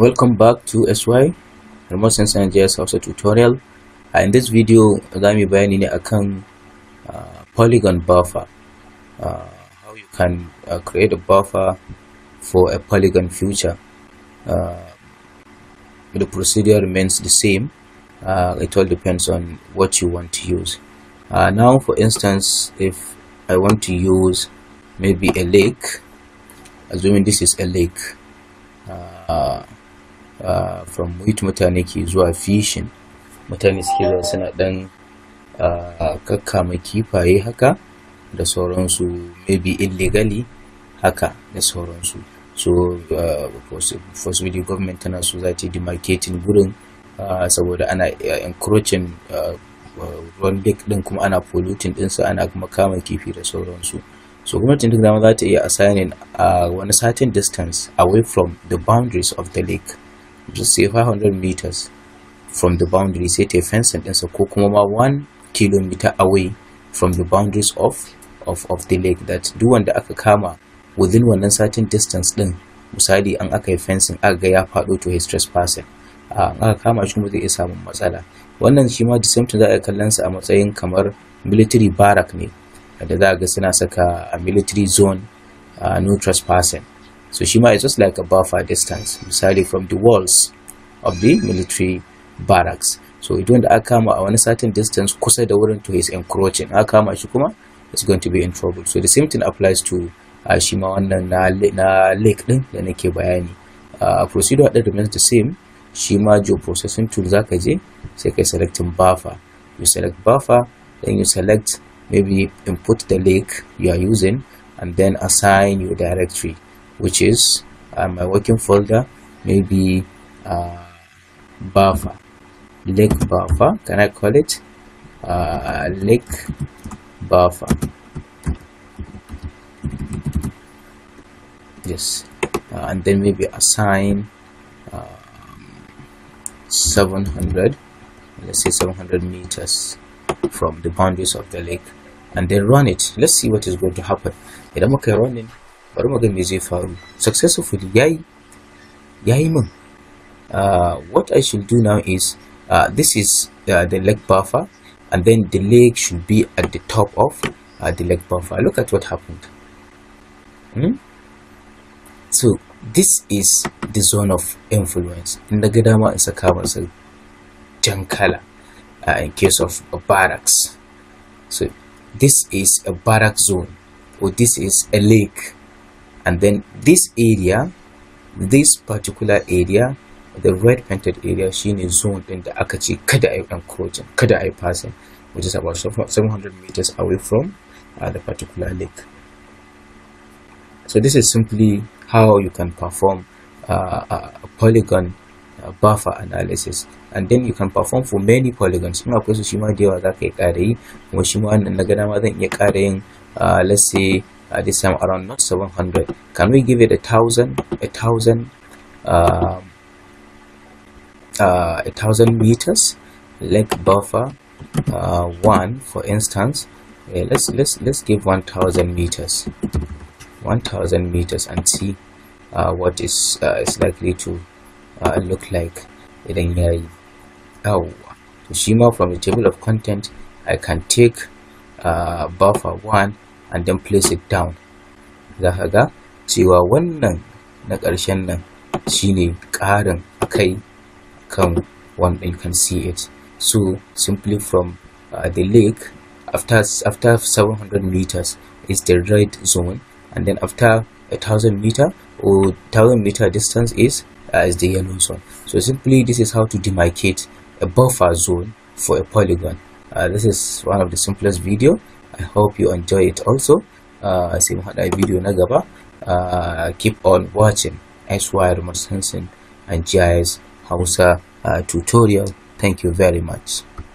welcome back to sy remote sense and js tutorial uh, in this video za mu bayani ne akan uh, polygon buffer uh, how you can uh, create a buffer for a polygon future uh, the procedure remains the same uh, it all depends on what you want to use uh, now for instance if i want to use maybe a lake assuming this is a lake uh, Uh, from which mutane ke zuwa fishing mutane suke zuwa suna dan uh, kakkama kifaye haka da sauransu maybe illegally haka da sauransu so possibly uh, government tana so za ta yi demarcating gurin saboda ana encroaching ruwan lake din kuma ana polluting ɗinsu, ana kuma kama kifi da sauransu so gwamnatin duk dama za ta iya assigning a wani certain distance away from the boundaries of the lake just say 500 meters from the boundary sai ta fence ɗinsa ko kuma ma 1 kilometer away from the boundaries of of, of the lake that duk wanda aka kama within wannan certain distance ɗin misali an aka yi fencing aka ga ya faɗo to his trespassing ah, an aka kama shi kuma zai iya samun matsala wannan shi ma the same thing za a kallon sa a matsayin kamar military barrack ne da za a ga suna saka a military zone uh, no trespassing So Shima is just like a buffer distance, misali from the walls of the military barracks. So idan da aka kama a wani certain distance kusa da wurin to is encroaching, aka kama shi kuma is going to be in trouble. So the same thing applies to uh, Shima wannan na, na lake din da nake bayani. Uh, procedure that remains the same, Shima jo processing tool zaka je sai kai selecting buffer. You select buffer, then you select maybe input the lake you are using and then assign your directory. which is uh, um, my working folder maybe uh, buffer lake buffer can I call it uh, lake buffer yes uh, and then maybe assign um, 700 let's say 700 meters from the boundaries of the lake and then run it let's see what is going to happen am okay running bari mu ga successfully Yay, yay! Man, uh, what I should do now is uh, this is uh, the leg buffer and then the leg should be at the top of uh, the leg buffer look at what happened hmm? so this is the zone of influence in the gadama is a kawasa jankala uh, in case of a barracks so this is a barrack zone or this is a lake and then this area this particular area the red painted area she is zoned in the Akachi kada a yi encroaching kada passing which is about 700 meters away from uh, the particular lake so this is simply how you can perform uh, a polygon uh, buffer analysis and then you can perform for many polygons in akwai su shi ma da yawa za might, uh, let's say uh, this time around not 700 can we give it a thousand a thousand uh, uh, a thousand meters like buffer uh, one for instance let's let's let's give 1000 meters 1000 meters and see uh, what is uh, is likely to look like in a yi oh to from the table of content i can take buffer 1 and then place it down za ka ga cewa wannan na ƙarshen nan shine ƙarin kai kan one you can see it so simply from uh, the lake after after 700 meters is the red zone and then after a thousand meter or thousand meter distance is uh, is the yellow zone so simply this is how to demarcate a buffer zone for a polygon uh, this is one of the simplest video i hope you enjoy it also uh, sai mu haɗa bidiyo na gaba uh, keep on watching SY Remote Sensing and GIS Hausa a uh, tutorial. Thank you very much.